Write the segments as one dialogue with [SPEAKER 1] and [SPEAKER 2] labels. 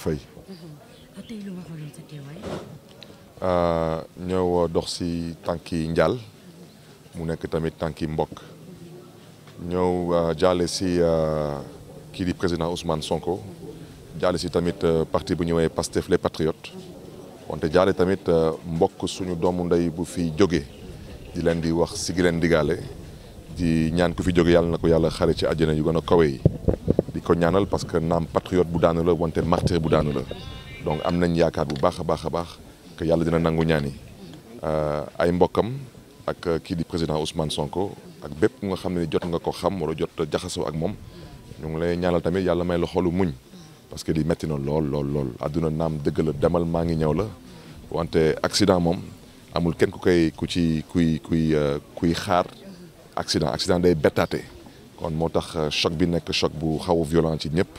[SPEAKER 1] fay mm-hmm. ah, ñëw dox si tànki njaal mm-hmm. mu nekk tamit tànki mbokk ñëw ah, jaale si ah, kii di président Ousmane Sonko jaale si tamit euh, partie bu ñu ñëwee Pastef les patriotes wante jaale tamit euh, mbokk suñu doomu ndey bu fi jógee di leen di wax si gi leen digaale di ñaan ku fi jóge yàlla na ko yàlla xare ci àjjana yi gën a kawe yi di ko ñaanal parce que naam patriote bu daanu la wante martyr bu daanu la donc am nañ yaakaar bu baax a baax a baax que yàlla dina nangu ñaani yi euh, ay mbokkam ak kii di président Ousmane Sonko ak bépp nga xam ne jot nga ko xam wala jot jaxasoo ak moom ñu ngi lay ñaanal tamit yàlla may la xolu muñ parce que li metti na lool lool lool àdduna naam dëgg la demal maa ngi ñaw la wante accident moom amul kenn ku koy ku ci kuy kuy euh, kuy xaar accident accident day bettaate kon moo tax euh, choc bi nekk choc bu xaw a violent ci ñëpp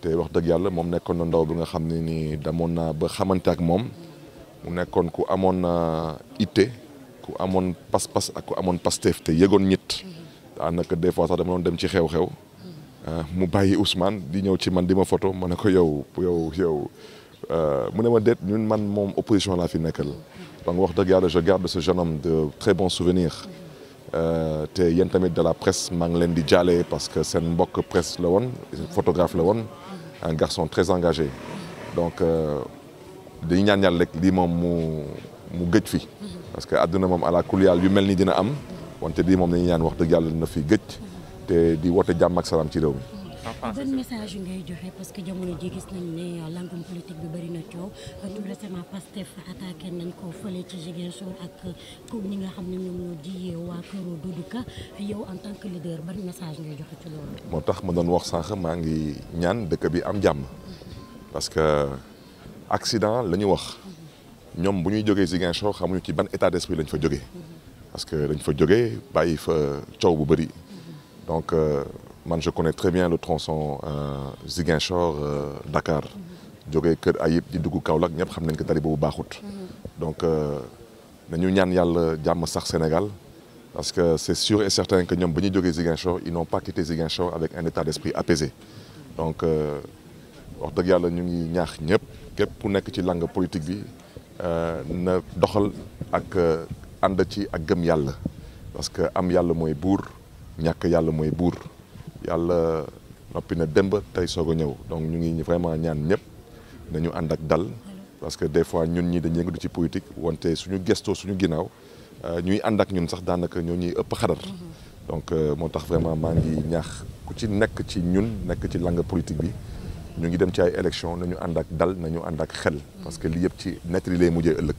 [SPEAKER 1] te wax dëgg yàlla moom nekkoon na ndaw bi nga xam ne nii demoon naa ba xamante ak moom mu nekkoon ku amoon euh, itte ku amoon pas-pas ak ku amoon pasteef te yëgoon ñit daanaka des fois sax dama doon dem ci xew-xew Euh, mu bàyyi Ousmane di ñëw ci man di ma photo ma ne ko yow yow yow euh, mu ne ma déet ñun man moom opposition laa fi nekkal donc wax dëgg yàlla je garde ce jeune homme de très bons souvenirs euh, te yéen tamit de la presse maa ngi leen di jaale parce que seen mbokk presse la woon photographe la woon un garçon très engagé donc dañu ñaan yàlla rek lii moom mu mu gëj fi parce que àdduna moom àla kulli yàlla yu mel ni dina am wante lii moom dañuy ñaan wax dëgg yàlla na fi gëj te di woote jàmm ak salaam ci réew mi. ban message ngay joxe parce que jamono ji gis nañ ne langum politique bi bëri na coow tout récemment Pastef attaqué nañ ko fële ci Ziguinchor ak comme ñi nga xam ne ñoom ñoo di waa këru Doudou Ka yow en tant que leader ban message ngay joxe ci loolu. moo tax ma doon wax sànq maa ngi ñaan dëkk bi am jàmm parce que accident la wax ñoom bu ñuy jógee Ziguinchor xamuñu ci ban état d'esprit lañ fa jógee parce que dañ fa jógee bàyyi fa coow bu bëri. Donc, euh, man, je connais très bien le tronçon euh, Ziguinchor-Dakar. Euh, jógee kër Ayib di dugg Kaolack ñëpp xam nañ ko tali boobu baaxut. Mhm. donc euh, nañu ñaan yàlla jàmm sax Sénégal parce que c'est sûr et certain que ñoom ba ñu jógee Ziguinchor ils n'ont pas quitté Ziguinchor avec un état d'esprit apaisé. donc euh, wax dëgg yàlla ñu ngi ñaax ñëpp képp ku nekk ci langue politique bi na doxal ak ànd ci ak gëm yàlla parce que am yàlla mooy buur. ñàkk yàlla mooy buur yàlla noppi na démb tey soog a ñëw donc ñu ngi vraiment ñaan ñëpp nañu ànd ak dal parce que des fois ñun ñi dañu yëngatu ci politique wante suñu gestoo suñu ginnaaw euh, ñuy ànd ak ñun sax daanaka ñoo ñuy ëpp xadar donc euh, moo tax vraiment maa ngi ñaax ku ci nekk ci ñun nekk ci langue politique bi ñu ngi dem ci ay élection nañu ànd ak dal nañu ànd ak xel parce que li yëpp ci nettali lay mujjee ëllëg